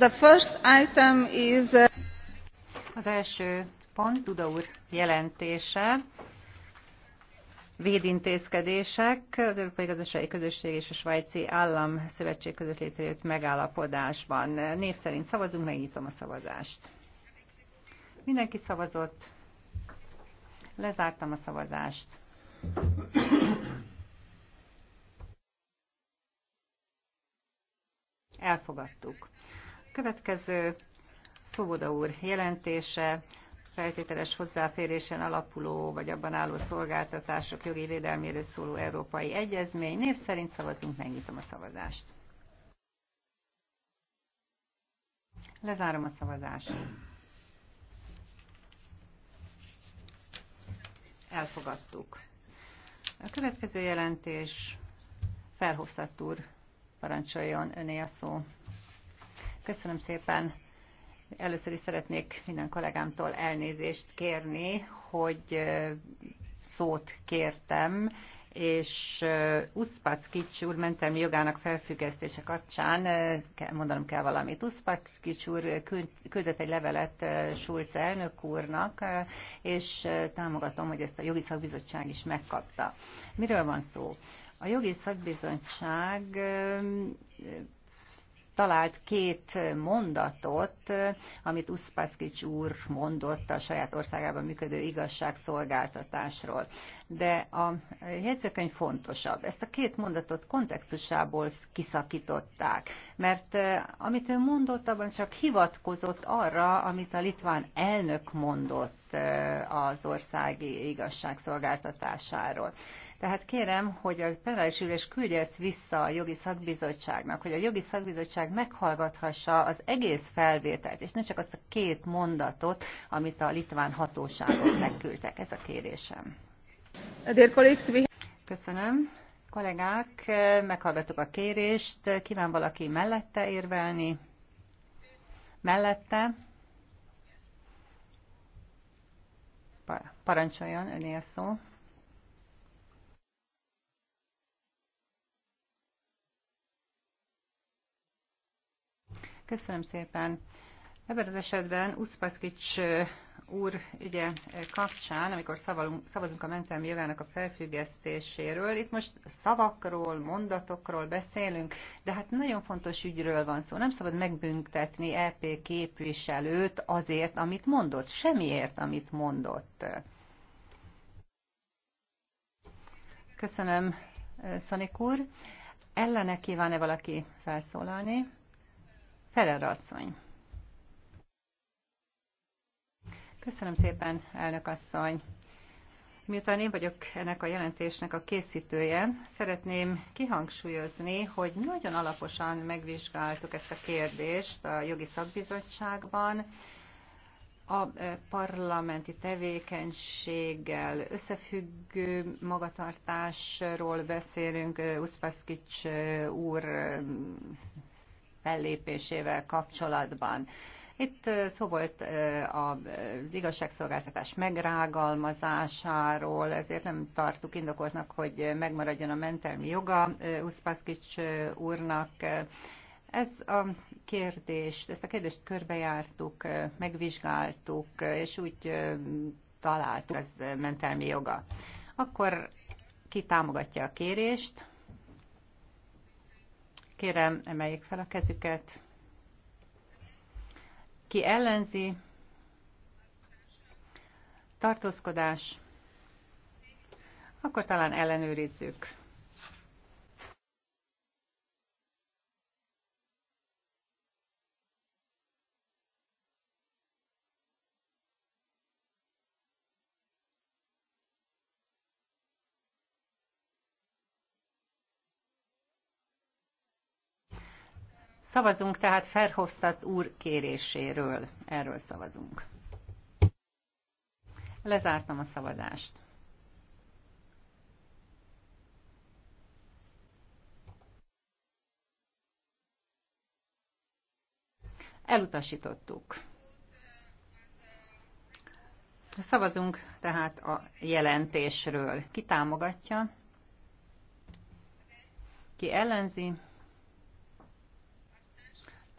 Uh, az első pont Duda úr jelentése, védintézkedések, az Európai Gazdasági Közösség és a Svájci Állam Szövetség között létrejött megállapodásban. Név szerint szavazunk, megnyitom a szavazást. Mindenki szavazott. Lezártam a szavazást. Elfogadtuk. Következő Szoboda úr jelentése feltételes hozzáférésen alapuló vagy abban álló szolgáltatások jogi védelméről szóló európai egyezmény. Név szerint szavazunk, megnyitom a szavazást. Lezárom a szavazást. Elfogadtuk. A következő jelentés Felhofszatt úr parancsoljon öné a szó. Köszönöm szépen. Először is szeretnék minden kollégámtól elnézést kérni, hogy szót kértem, és Uszpackics úr mentelmi jogának felfüggesztése kapcsán mondanom kell valamit. Uszpackics úr küldött egy levelet Schulz elnök úrnak, és támogatom, hogy ezt a jogi szakbizottság is megkapta. Miről van szó? A jogi szakbizottság talált két mondatot, amit Uszpaszkics úr mondott a saját országában működő igazságszolgáltatásról. De a jegyzőkönyv fontosabb. Ezt a két mondatot kontextusából kiszakították, mert eh, amit ő mondott, abban csak hivatkozott arra, amit a litván elnök mondott eh, az országi igazságszolgáltatásáról. Tehát kérem, hogy a plenáris ülés küldje ezt vissza a jogi szakbizottságnak, hogy a jogi szakbizottság meghallgathassa az egész felvételt, és ne csak azt a két mondatot, amit a litván hatóságok megküldtek. Ez a kérésem. Köszönöm. Kollégák, meghallgattuk a kérést. Kíván valaki mellette érvelni? Mellette? Parancsoljon, önél szó. Köszönöm szépen. Ebben az esetben Uszpaszkics úr ugye, kapcsán, amikor szavalunk, szavazunk a mentelmi jogának a felfüggesztéséről, itt most szavakról, mondatokról beszélünk, de hát nagyon fontos ügyről van szó. Nem szabad megbüntetni EP képviselőt azért, amit mondott, semmiért, amit mondott. Köszönöm, Szonik úr. Ellene kíván-e valaki felszólalni? Ferrer asszony. Köszönöm szépen, elnök asszony. Miután én vagyok ennek a jelentésnek a készítője, szeretném kihangsúlyozni, hogy nagyon alaposan megvizsgáltuk ezt a kérdést a jogi szakbizottságban, a e, parlamenti tevékenységgel összefüggő magatartásról beszélünk. E, Uszpaszkics e, úr fellépésével kapcsolatban. Itt szó volt az igazságszolgáltatás megrágalmazásáról, ezért nem tartuk indokoltnak, hogy megmaradjon a mentelmi joga Uszpaszkics úrnak. Ez a kérdés, ezt a kérdést körbejártuk, megvizsgáltuk, és úgy találtuk, ez mentelmi joga. Akkor ki támogatja a kérést? Kérem, emeljék fel a kezüket. Ki ellenzi? Tartózkodás. Akkor talán ellenőrizzük. Szavazunk tehát Ferhofstadt úr kéréséről. Erről szavazunk. Lezártam a szavazást. Elutasítottuk. Szavazunk tehát a jelentésről. Ki támogatja? Ki ellenzi?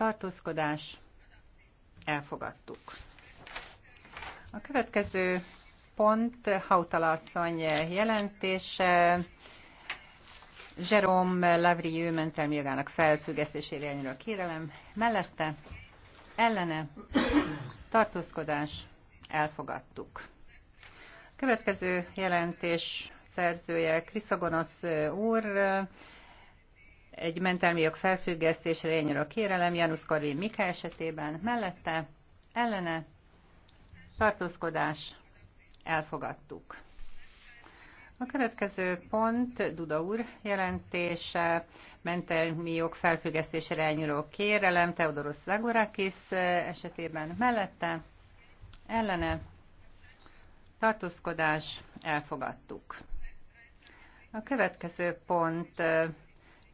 tartózkodás, elfogadtuk. A következő pont Hautala asszony jelentése, Jerome Lavrieux mentelmi jogának felfüggesztésére a kérelem, mellette ellene tartózkodás, elfogadtuk. A következő jelentés szerzője Kriszogonosz úr, egy mentelmi jog felfüggesztésre a kérelem Janusz Karvin Mika esetében, mellette, ellene, tartózkodás, elfogadtuk. A következő pont Duda úr jelentése, mentelmi jog felfüggesztésére elnyúló kérelem Teodoros Zagorakis esetében mellette, ellene, tartózkodás, elfogadtuk. A következő pont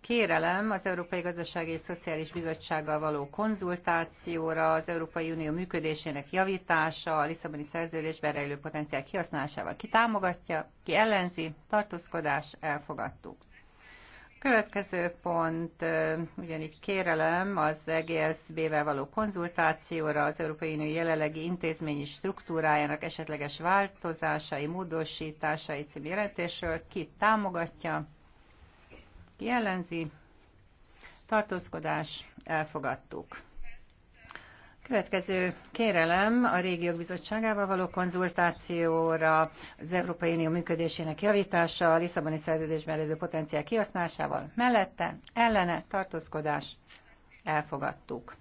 kérelem az Európai Gazdasági és Szociális Bizottsággal való konzultációra, az Európai Unió működésének javítása, a Lisszaboni szerződésben rejlő potenciál kihasználásával. Ki támogatja, ki ellenzi, tartózkodás, elfogadtuk. Következő pont, ugyanígy kérelem az EGSB-vel való konzultációra az Európai Unió jelenlegi intézményi struktúrájának esetleges változásai, módosításai című jelentésről. Ki támogatja, ki ellenzi? Tartózkodás. Elfogadtuk. Következő kérelem a régiók bizottságával való konzultációra, az Európai Unió működésének javítása, a Lisszaboni szerződésben lévő potenciál kihasználásával mellette, ellene tartózkodás elfogadtuk.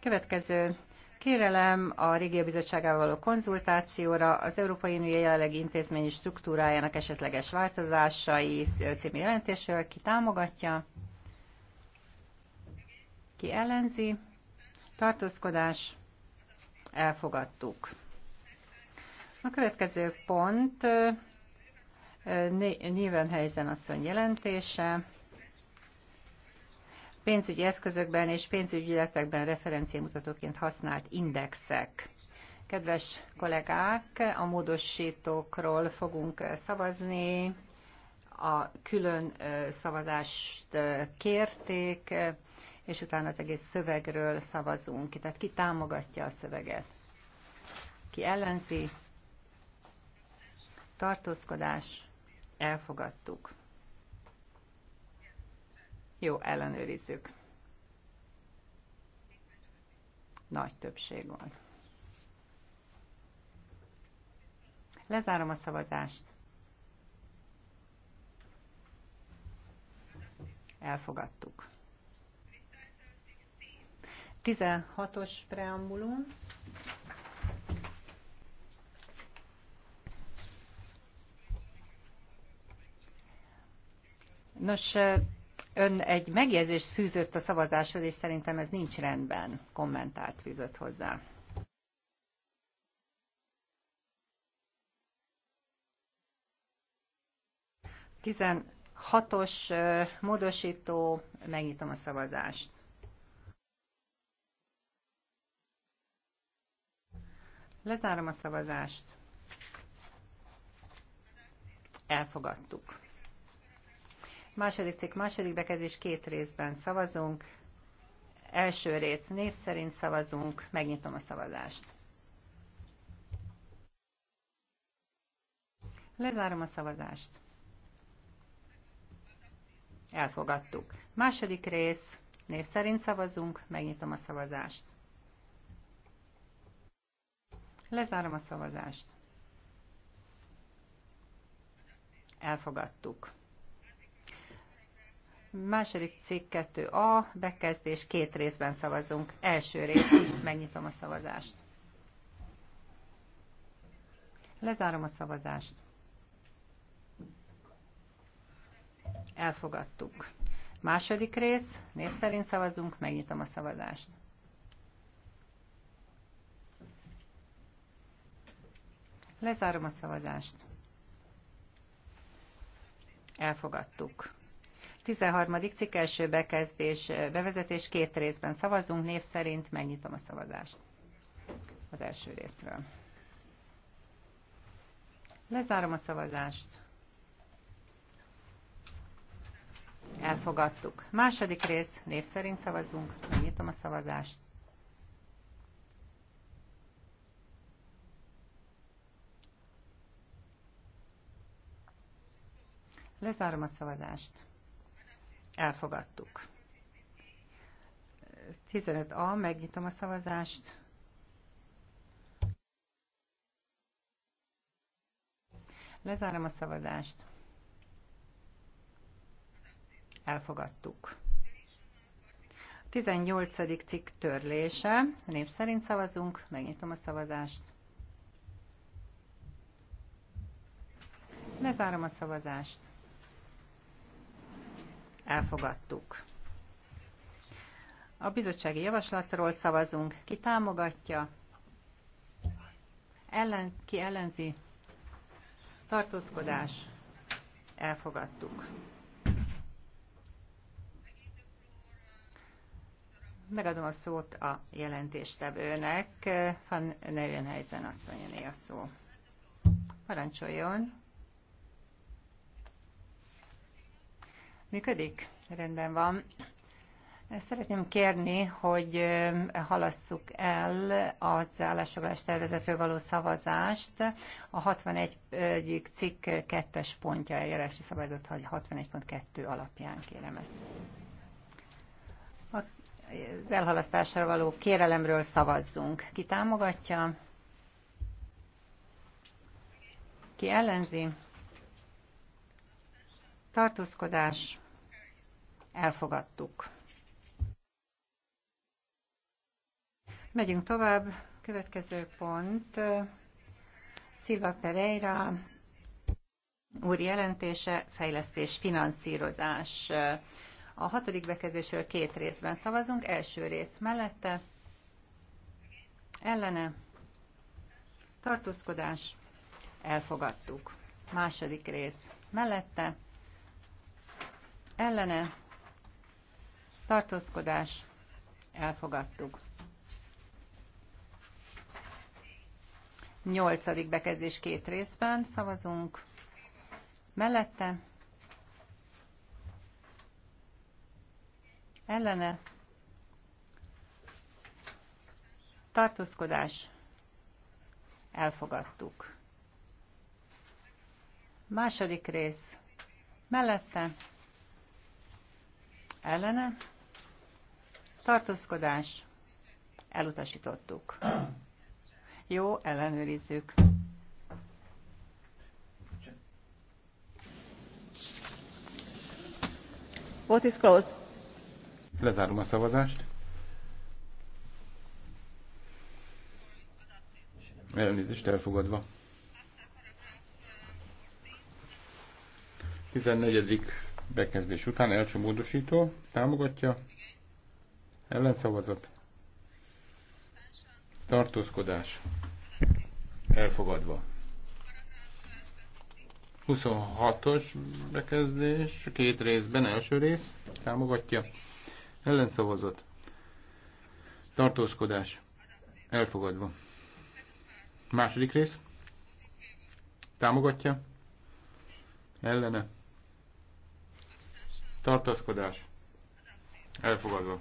Következő Kérelem a Régió Bizottságával való konzultációra az Európai Unió jelenlegi intézményi struktúrájának esetleges változásai című jelentésről ki támogatja, ki ellenzi, tartózkodás, elfogadtuk. A következő pont Nyilvánhelyzen asszony jelentése pénzügyi eszközökben és pénzügyi pénzügyületekben referenciamutatóként használt indexek. Kedves kollégák, a módosítókról fogunk szavazni. A külön szavazást kérték, és utána az egész szövegről szavazunk. Tehát ki támogatja a szöveget? Ki ellenzi? Tartózkodás? Elfogadtuk. Jó, ellenőrizzük. Nagy többség van. Lezárom a szavazást. Elfogadtuk. 16-os preambulum. Nos, Ön egy megjegyzést fűzött a szavazáshoz, és szerintem ez nincs rendben. Kommentált fűzött hozzá. Tizen hatos módosító, megnyitom a szavazást. Lezárom a szavazást. Elfogadtuk. Második cikk, második bekezdés, két részben szavazunk. Első rész név szerint szavazunk, megnyitom a szavazást. Lezárom a szavazást. Elfogadtuk. Második rész, név szerint szavazunk, megnyitom a szavazást. Lezárom a szavazást. Elfogadtuk. Második cikk 2a, bekezdés, két részben szavazunk. Első rész, megnyitom a szavazást. Lezárom a szavazást. Elfogadtuk. Második rész, név szerint szavazunk, megnyitom a szavazást. Lezárom a szavazást. Elfogadtuk. 13. cikk első bekezdés, bevezetés két részben szavazunk, név szerint megnyitom a szavazást az első részről. Lezárom a szavazást. Elfogadtuk. Második rész, név szerint szavazunk, megnyitom a szavazást. Lezárom a szavazást. Elfogadtuk. 15A, megnyitom a szavazást. Lezárom a szavazást. Elfogadtuk. 18. cikk törlése. Név szerint szavazunk. Megnyitom a szavazást. Lezárom a szavazást elfogadtuk. A bizottsági javaslatról szavazunk. Ki támogatja? Ellen, ki ellenzi? Tartózkodás. Elfogadtuk. Megadom a szót a jelentéstevőnek. Van Neuenheisen asszonyané a szó. Parancsoljon! Működik? Rendben van. Szeretném kérni, hogy halasszuk el az állásfoglalás tervezetről való szavazást. A 61. cikk 2 pontja eljárási szabályzat 61.2 alapján kérem ezt. Az elhalasztásra való kérelemről szavazzunk. Ki támogatja? Ki ellenzi? Tartózkodás. Elfogadtuk. Megyünk tovább. Következő pont. Silva Pereira úr jelentése, fejlesztés, finanszírozás. A hatodik bekezdésről két részben szavazunk. Első rész mellette, ellene, tartózkodás, elfogadtuk. Második rész mellette, ellene, tartózkodás, elfogadtuk. Nyolcadik bekezdés két részben, szavazunk mellette, ellene, tartózkodás, elfogadtuk. Második rész, mellette, ellene, Tartózkodás. Elutasítottuk. Jó, ellenőrizzük. What is closed. Lezárom a szavazást. Elnézést elfogadva. 14. bekezdés után elcsomódosító támogatja, Ellenszavazat. Tartózkodás. Elfogadva. 26-os bekezdés, két részben, első rész, támogatja. Ellenszavazat. Tartózkodás. Elfogadva. Második rész. Támogatja. Ellene. Tartózkodás. Elfogadva.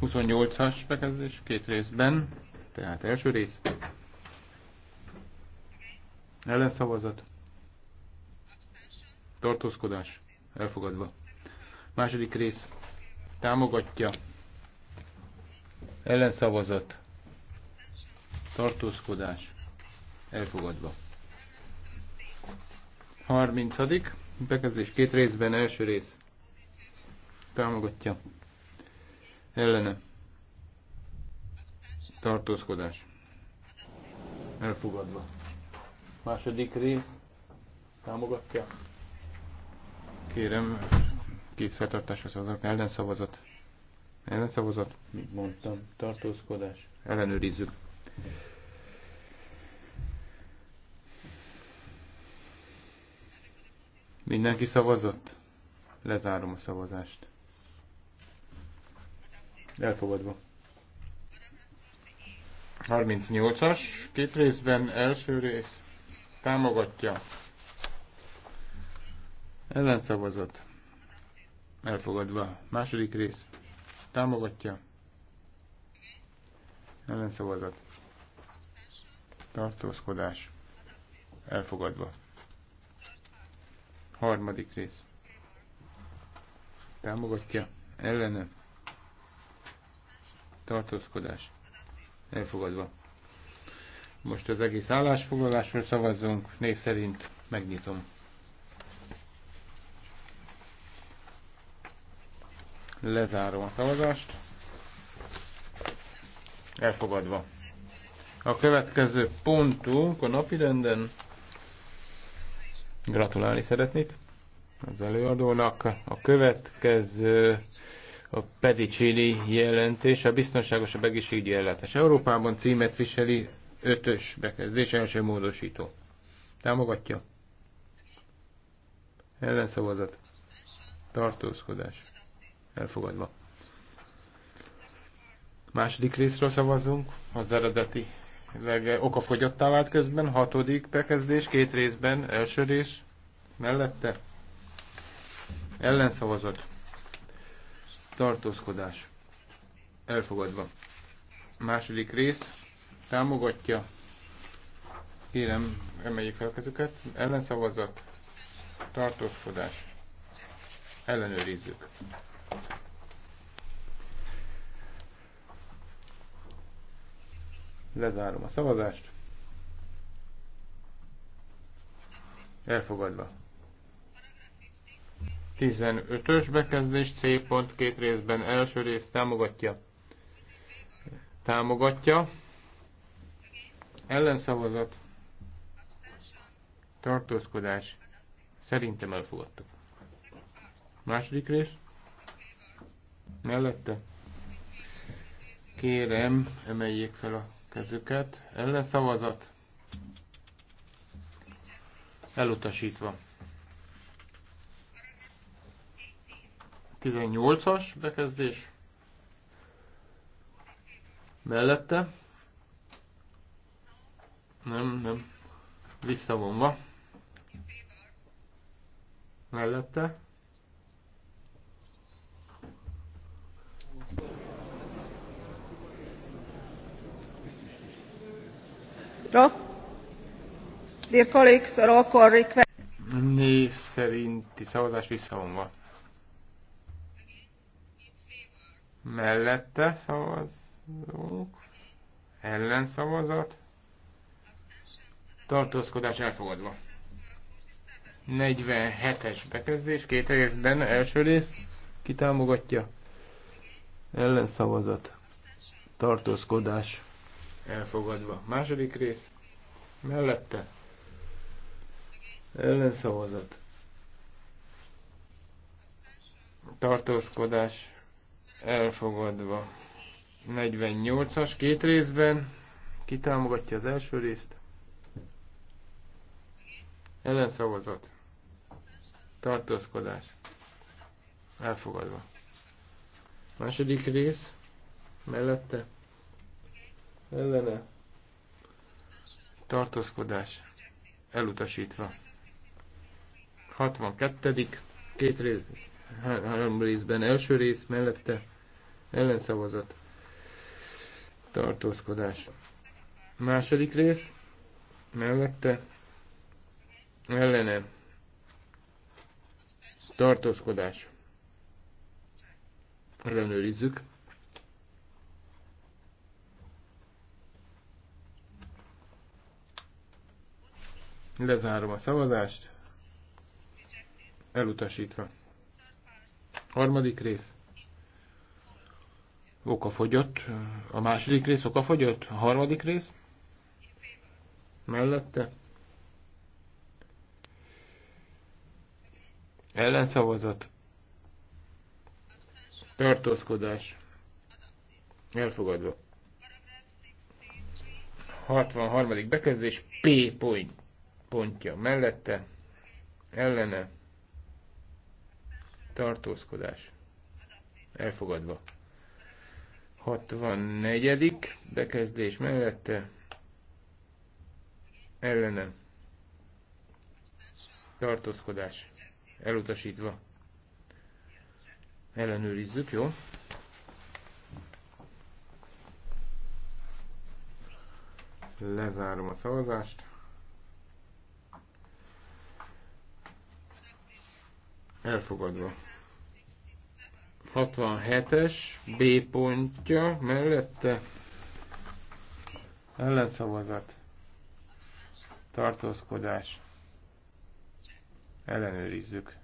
28-as bekezdés két részben, tehát első rész. Ellenszavazat. Tartózkodás. Elfogadva. Második rész. Támogatja. Ellenszavazat. Tartózkodás. Elfogadva. 30. Bekezdés két részben, első rész. Támogatja ellene tartózkodás elfogadva. Második rész támogatja. Kérem, két feltartáshoz azok ellenszavazat. Ellenszavazat, mint mondtam, tartózkodás. Ellenőrizzük. Mindenki szavazott? Lezárom a szavazást elfogadva. 38-as, két részben, első rész, támogatja, ellenszavazat, elfogadva, második rész, támogatja, ellenszavazat, tartózkodás, elfogadva. Harmadik rész. Támogatja, ellenem tartózkodás elfogadva. Most az egész állásfoglalásról szavazzunk, név szerint megnyitom. Lezárom a szavazást. Elfogadva. A következő pontunk a renden Gratulálni szeretnék az előadónak. A következő a Pedicini jelentés, a biztonságosabb egészségügyi ellátás. Európában címet viseli ötös bekezdés, első módosító. Támogatja? Ellenszavazat. Tartózkodás. Elfogadva. Második részről szavazunk, az eredeti okafogyottá vált közben, hatodik bekezdés, két részben, első rész, mellette, ellenszavazat, tartózkodás elfogadva. A második rész támogatja, kérem, emeljék fel kezüket, ellenszavazat, tartózkodás, ellenőrizzük. Lezárom a szavazást. Elfogadva. 15-ös bekezdés C pont két részben első rész támogatja. Támogatja. Ellenszavazat. Tartózkodás. Szerintem elfogadtuk. Második rész. Mellette. Kérem, emeljék fel a kezüket. Ellenszavazat. Elutasítva. 18-as bekezdés. Mellette. Nem, nem. Visszavonva. Mellette. Dear colleagues, roll call request. Név szerinti szavazás visszavonva. mellette szavazók, ellenszavazat, tartózkodás elfogadva. 47-es bekezdés, két részben, első rész, ki támogatja? Ellenszavazat, tartózkodás elfogadva. Második rész, mellette, ellenszavazat, tartózkodás elfogadva. 48-as, két részben, ki támogatja az első részt? Ellenszavazat. Tartózkodás. Elfogadva. Második rész. Mellette. Ellene. Tartózkodás. Elutasítva. 62. Két rész, három részben első rész mellette ellenszavazat, tartózkodás. Második rész, mellette, ellene, tartózkodás. Ellenőrizzük. Lezárom a szavazást. Elutasítva. Harmadik rész. Oka fogyott. A második rész oka fogyott. A harmadik rész? Mellette? Ellenszavazat. Tartózkodás. Elfogadva. 63. bekezdés P point, pontja mellette. Ellene. Tartózkodás. Elfogadva. 64. bekezdés mellette ellene tartózkodás elutasítva. Ellenőrizzük, jó? Lezárom a szavazást. Elfogadva. 67-es B pontja mellette ellenszavazat, tartózkodás, ellenőrizzük.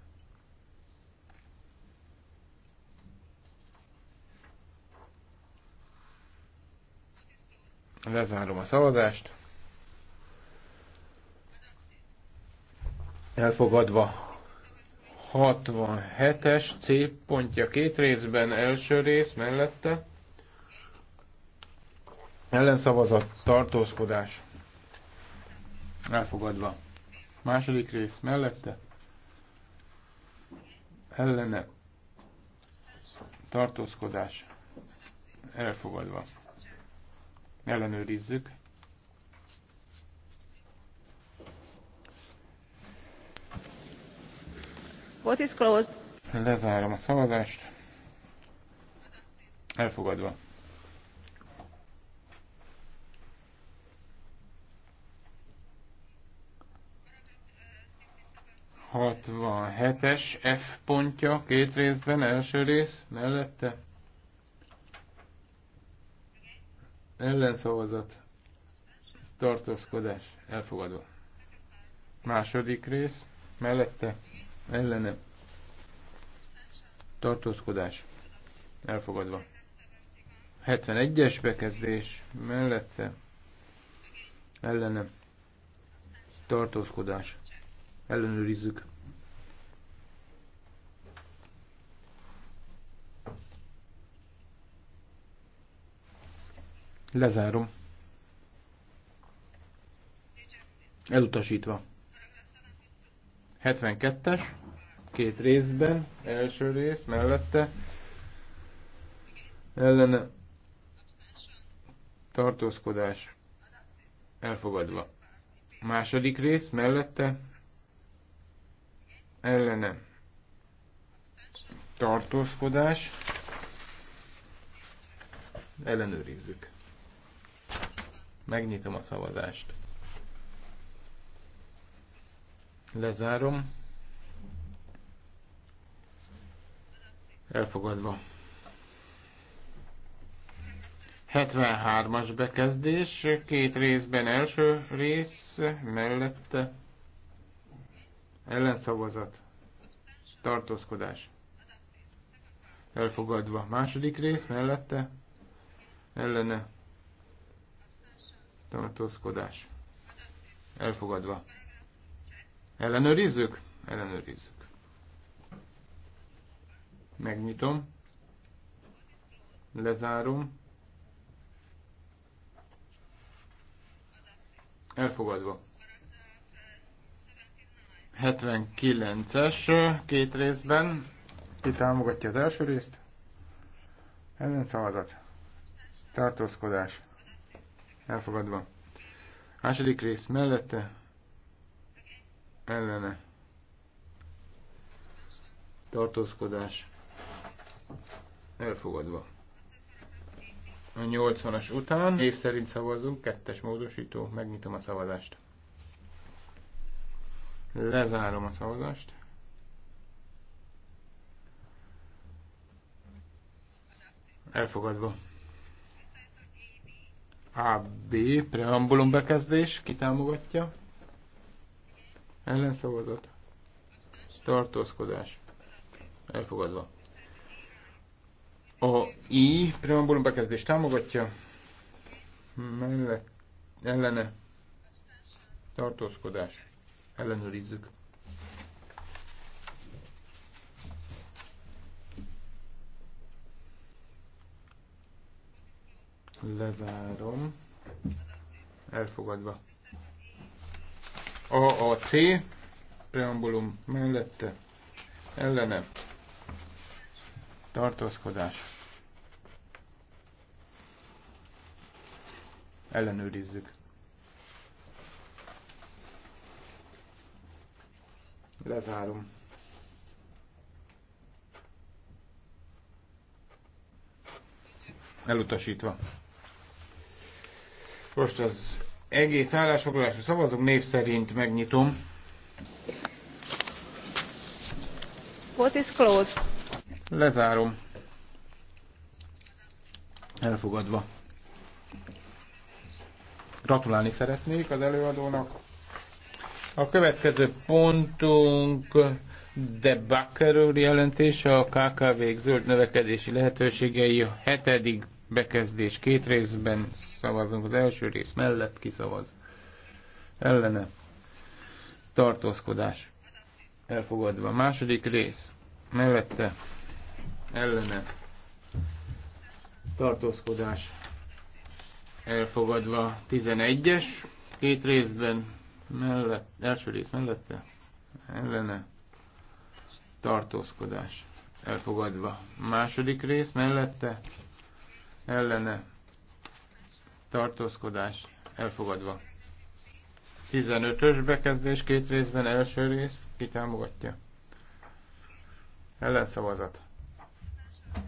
Lezárom a szavazást. Elfogadva 67-es C pontja két részben, első rész mellette. Ellenszavazat, tartózkodás. Elfogadva. Második rész mellette. Ellene. Tartózkodás. Elfogadva. Ellenőrizzük. Vote is closed. Lezárom a szavazást. Elfogadva. es F pontja két részben, első rész, mellette. Ellenszavazat. Tartózkodás. Elfogadva. Második rész, mellette ellene tartózkodás elfogadva. 71-es bekezdés mellette ellene tartózkodás ellenőrizzük. Lezárom. Elutasítva. 72-es, két részben, első rész mellette, ellene tartózkodás elfogadva. Második rész mellette ellene tartózkodás ellenőrizzük. Megnyitom a szavazást. Lezárom. Elfogadva. 73-as bekezdés, két részben első rész, mellette ellenszavazat, tartózkodás. Elfogadva. Második rész, mellette ellene tartózkodás. Elfogadva. Ellenőrizzük? Ellenőrizzük. Megnyitom. Lezárom. Elfogadva. 79-es két részben. Ki támogatja az első részt? szavazat. Tartózkodás. Elfogadva. Második rész mellette ellene tartózkodás elfogadva. A 80-as után év szerint szavazunk, kettes módosító, megnyitom a szavazást. Lezárom a szavazást. Elfogadva. AB, preambulum bekezdés, kitámogatja. Ellenszavazat. Tartózkodás. Elfogadva. A I preambulum bekezdés támogatja. Mellett, ellene. Tartózkodás. Ellenőrizzük. Lezárom. Elfogadva. AAC preambulum mellette ellene tartózkodás ellenőrizzük. Lezárom. Elutasítva. Most az egész állásfoglalásra szavazunk, név szerint megnyitom. What is closed? Lezárom. Elfogadva. Gratulálni szeretnék az előadónak. A következő pontunk de Bakker jelentése a KKV-k zöld növekedési lehetőségei a hetedik bekezdés két részben szavazunk. Az első rész mellett kiszavaz. Ellene. Tartózkodás. Elfogadva. A második rész mellette. Ellene. Tartózkodás. Elfogadva. 11-es. Két részben mellett, első rész mellette. Ellene. Tartózkodás elfogadva. Második rész mellette ellene tartózkodás elfogadva. 15-ös bekezdés két részben első rész támogatja? Ellenszavazat.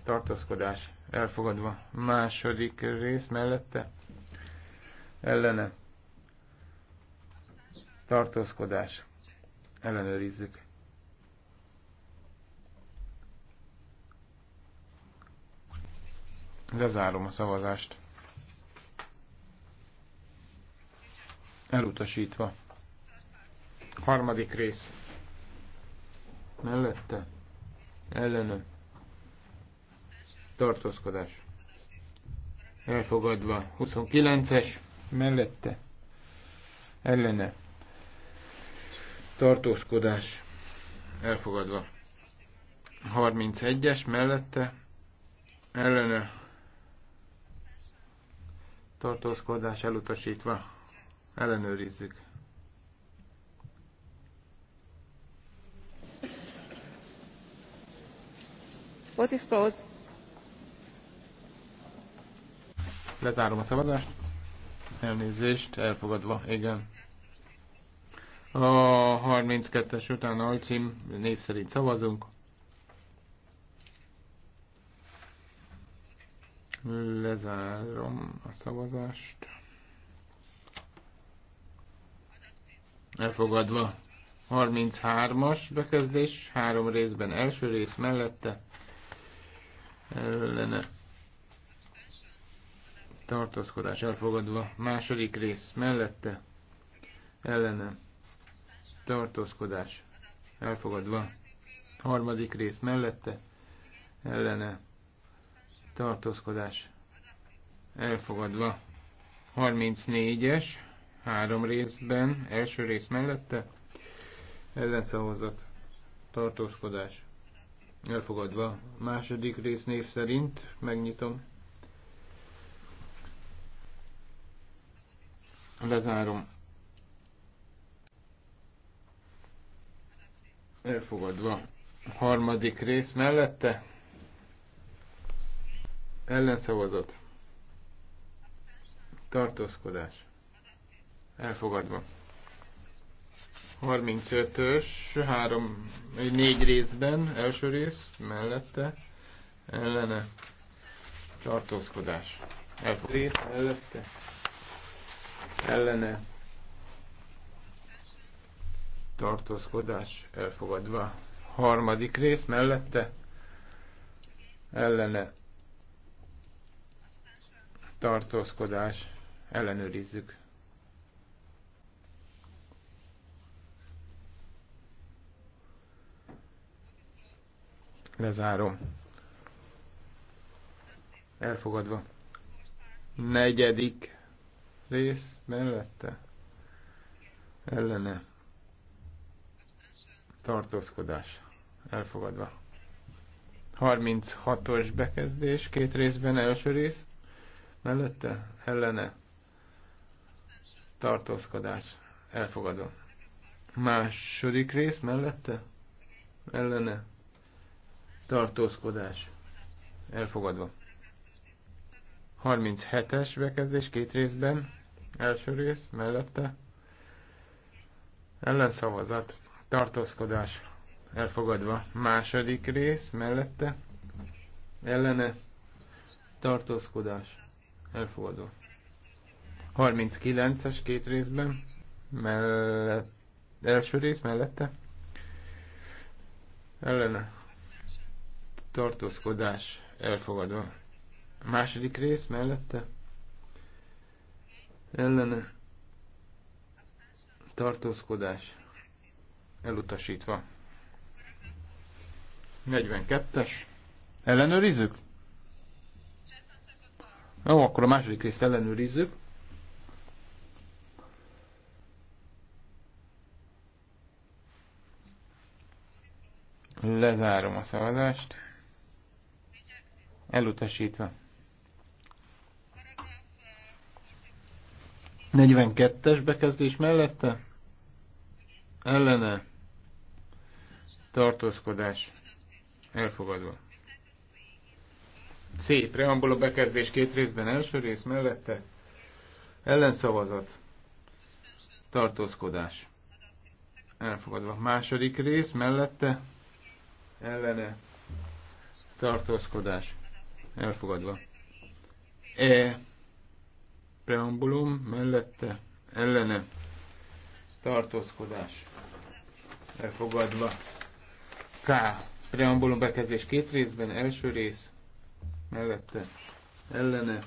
Tartózkodás elfogadva. Második rész mellette ellene tartózkodás. Ellenőrizzük. Lezárom a szavazást. Elutasítva. Harmadik rész. Mellette. Ellenő. Tartózkodás. Elfogadva. 29-es. Mellette. Ellene. Tartózkodás. Elfogadva. 31-es mellette. Ellene tartózkodás elutasítva. Ellenőrizzük. What is closed? Lezárom a szavazást. Elnézést, elfogadva, igen. A 32-es után alcím név szerint szavazunk. Lezárom a szavazást. Elfogadva. 33-as bekezdés, három részben első rész mellette ellene tartózkodás elfogadva, második rész mellette ellene tartózkodás elfogadva, harmadik rész mellette ellene tartózkodás elfogadva. 34-es, három részben, első rész mellette, ellenszavazat, tartózkodás elfogadva. Második rész név szerint megnyitom. Lezárom. Elfogadva. Harmadik rész mellette ellenszavazat, tartózkodás, elfogadva. 35-ös, három, négy részben, első rész, mellette, ellene, tartózkodás, elfogadva. Rész mellette, ellene, tartózkodás, elfogadva. Harmadik rész mellette, ellene, tartózkodás, ellenőrizzük. Lezárom. Elfogadva. Negyedik rész mellette. Ellene. Tartózkodás. Elfogadva. 36-os bekezdés, két részben első rész mellette ellene tartózkodás elfogadva. Második rész mellette ellene tartózkodás elfogadva. 37-es bekezdés két részben, első rész mellette ellenszavazat tartózkodás elfogadva. Második rész mellette ellene tartózkodás elfogadó. 39-es két részben, mellett, első rész mellette, ellene tartózkodás elfogadó. Második rész mellette, ellene tartózkodás elutasítva. 42-es. Ellenőrizzük? Jó, akkor a második részt ellenőrizzük. Lezárom a szavazást. Elutasítva. 42-es bekezdés mellette? Ellene. Tartózkodás. Elfogadva. C. a bekezdés két részben, első rész mellette. Ellenszavazat. Tartózkodás. Elfogadva. Második rész mellette. Ellene. Tartózkodás. Elfogadva. E. Preambulum mellette. Ellene. Tartózkodás. Elfogadva. K. Preambulum bekezdés két részben, első rész mellette ellene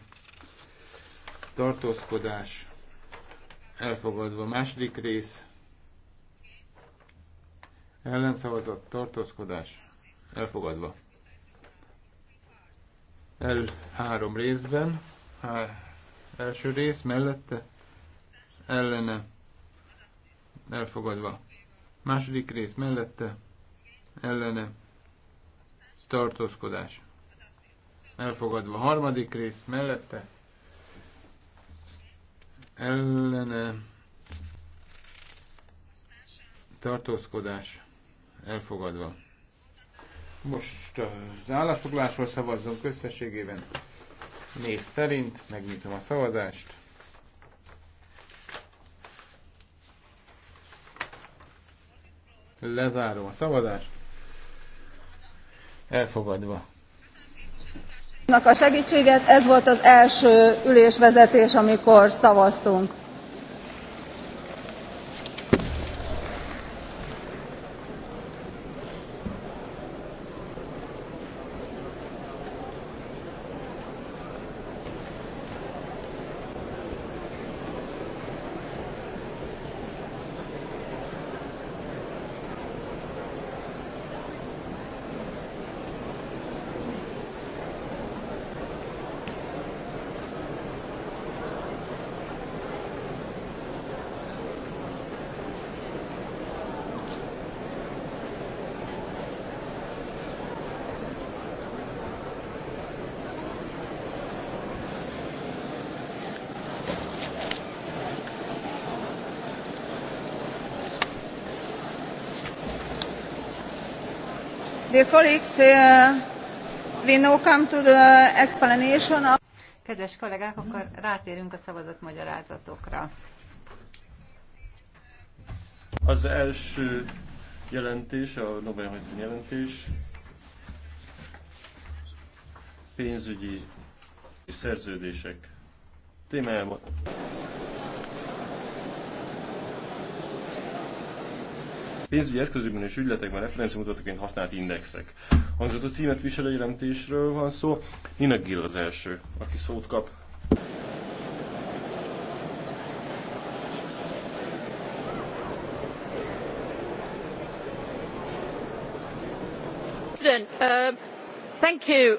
tartózkodás elfogadva. Második rész ellenszavazat tartózkodás elfogadva. El három részben, há, első rész mellette ellene elfogadva. Második rész mellette ellene tartózkodás elfogadva. Harmadik rész mellette ellene tartózkodás elfogadva. Most az állásfoglásról szavazzunk összességében. Név szerint megnyitom a szavazást. Lezárom a szavazást. Elfogadva a segtséget ez volt az első ülésvezetés amikor szavaztunk. Dear colleagues, uh, we now come to the explanation of... Kedves kollégák, akkor rátérünk a szavazat magyarázatokra. Az első jelentés, a Nobel Hansen jelentés, pénzügyi szerződések témájában. Pénzügyi eszközökben és ügyletekben referenciamutatóként használt indexek. Hangzott címet viselő jelentésről van szó. Nina Gill az első, aki szót kap.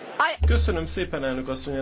Uh, Köszönöm szépen, elnök asszony!